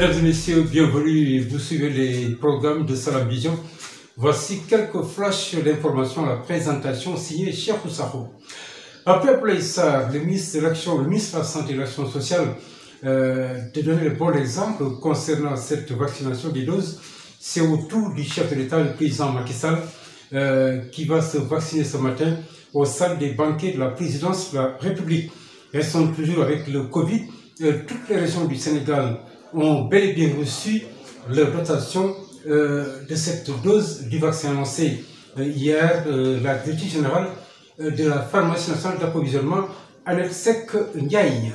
Mesdames et messieurs, bienvenue et vous suivez les programmes de Salam Vision. Voici quelques flashs d'information à la présentation signée Cheikh Oussaro. Après Plaïssar, le ministre de l'Action, le ministre de la Santé et de l'Action sociale, euh, de donner le bon exemple concernant cette vaccination des doses. C'est au tour du chef de l'État, le président Macky Sall, euh, qui va se vacciner ce matin au salle des banquets de la présidence de la République. Elles sont toujours avec ont bel et bien reçu leur dotation euh, de cette dose du vaccin lancé euh, hier, euh, la directrice générale euh, de la pharmacie nationale d'approvisionnement, Annette Sek Ndiaye.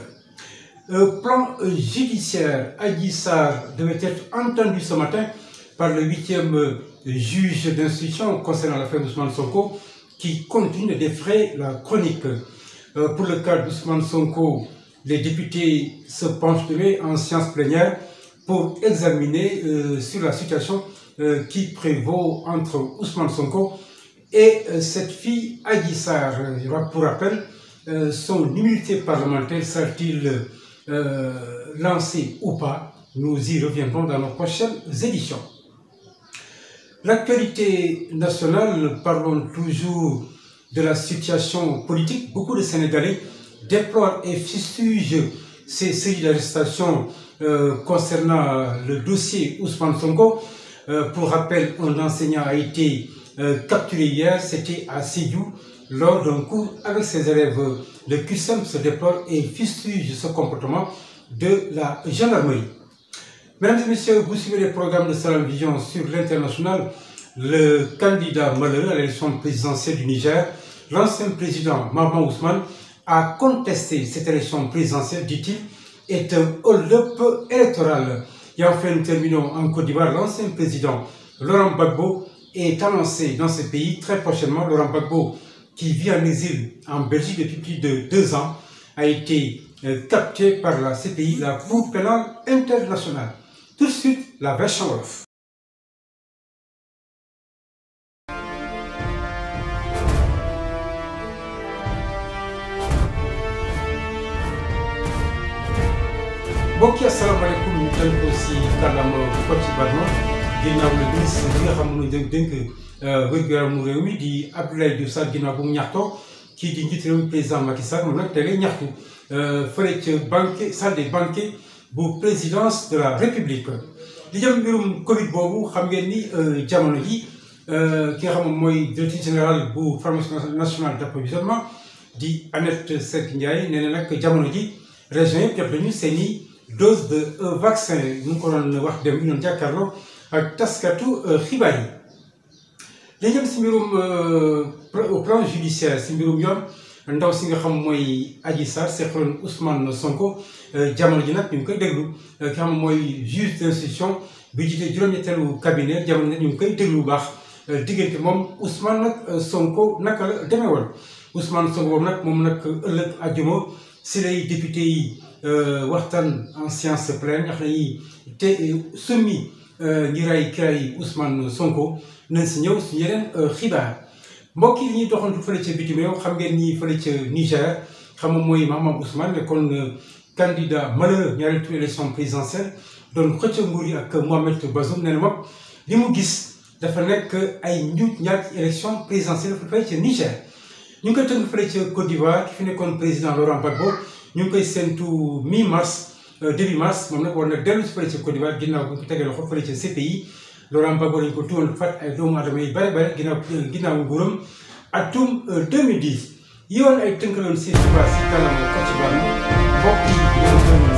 Euh, plan euh, judiciaire, Agissar devait être entendu ce matin par le huitième juge d'instruction concernant l'affaire Ousmane Sonko, qui continue de défrayer la chronique. pour le cas d'Ousmane Sonko, les députés se pencheraient en séance plénière pour examiner euh, sur la situation euh, qui prévaut entre Ousmane Sonko et euh, cette fille Aguissar. Pour rappel, euh, son immunité parlementaire sera-t-il euh, lancée ou pas Nous y reviendrons dans nos prochaines éditions. L'actualité nationale, parlons toujours de la situation politique. Beaucoup de Sénégalais déplore et fustige ces séries d'arrestations euh, concernant euh, le dossier Ousmane Sonko. Euh, pour rappel, un enseignant a été euh, capturé hier, c'était à Sidiou, lors d'un cours avec ses élèves. Euh, le QSEM se déplore et fustige ce comportement de la gendarmerie. Mesdames et messieurs, vous suivez les programmes de Salam Vision sur l'international. Le candidat malheureux à l'élection présidentielle du Niger, l'ancien président Maman Ousmane, a contesté cette élection présidentielle, dit-il, est un hold-up électoral. Et enfin, nous terminons en Côte d'Ivoire. L'ancien président Laurent Gbagbo est annoncé dans ce pays très prochainement. Laurent Gbagbo, qui vit en exil en Belgique depuis de deux ans, a été euh, capté par la CPI, la Cour pénale internationale. Tout de suite, la version mbokk yi asalaamaaleykum ñu tënk ko si ko ci Barma ginnaaw la ministre bi nga xam ne dañ dénk euh, wér di Abdoulaye Diouf bu mu ñaxtoo kii di njiit réew président Macky Sall nag tere ñaxtu euh, fële ca banquet bu présidence de la république. li jëm mbirum Covid boobu xam ngeen ni euh, jamono ji ki nga xam mooy directeur général bu formation nationale d'approvisionnement di Annette Seck Ndiaye nee na nag jamono ji région yëpp def nañu dose de euh, vaccin ñu ngi ko doon ñu doon jàkkaarloo ak taskatu euh, xibaar yi. dañu dem si mbirum au euh, plan si mbirum yoon ndaw si nga xam mooy Adji Sarr seqaloon Ousmane Sonko jamono ji nag ñu ngi koy déglu ki xam mooy juge d'instruction bi jiite juróom-ñetteelu cabinet jamono nag ñu ngi koy déglu bu baax diggante moom Ousmane nag Sonko naka la demee woon Sonko boobu nag moom nag ëllëg àjjuma si lay député yi. Euh, waxtaan en science pleine nga xam ne yii te semi ngir euh, ay kiray Ousmane Sonko nañ si ñëw si yeneen euh, xibaar mbokk yi ñuy doxantu fële ca bitim réew xam ngeen ni fële ca Niger xam mooy Mahmoud Ousmane nekkoon candidat malheureux ñaari tour élection présidentielle doon xëcc nguur yi ak Mohamed Bazoum nee na moom li mu gis dafa nekk ay njuut ñaar ci élection présidentielle fële ca Niger ñu ngi koy tënk fële ca Côte d'Ivoire ki fi nekkoon président Laurent Gbagbo ñu ngi koy séntu mi mars euh, début mars moom nag war na dellu si fële ci Côte d'Ivoire ginnaaw bu ñu ko tegee loxo fële ci CPI Laurent Gbagbo dañu ko tuumal fat ay doomu adama yi bare bare ginnaaw ginnaaw nguuram atum 2010 euh, yoon ay tënkaloon si xibaar si kàllaama Kocc Barma mbokk yi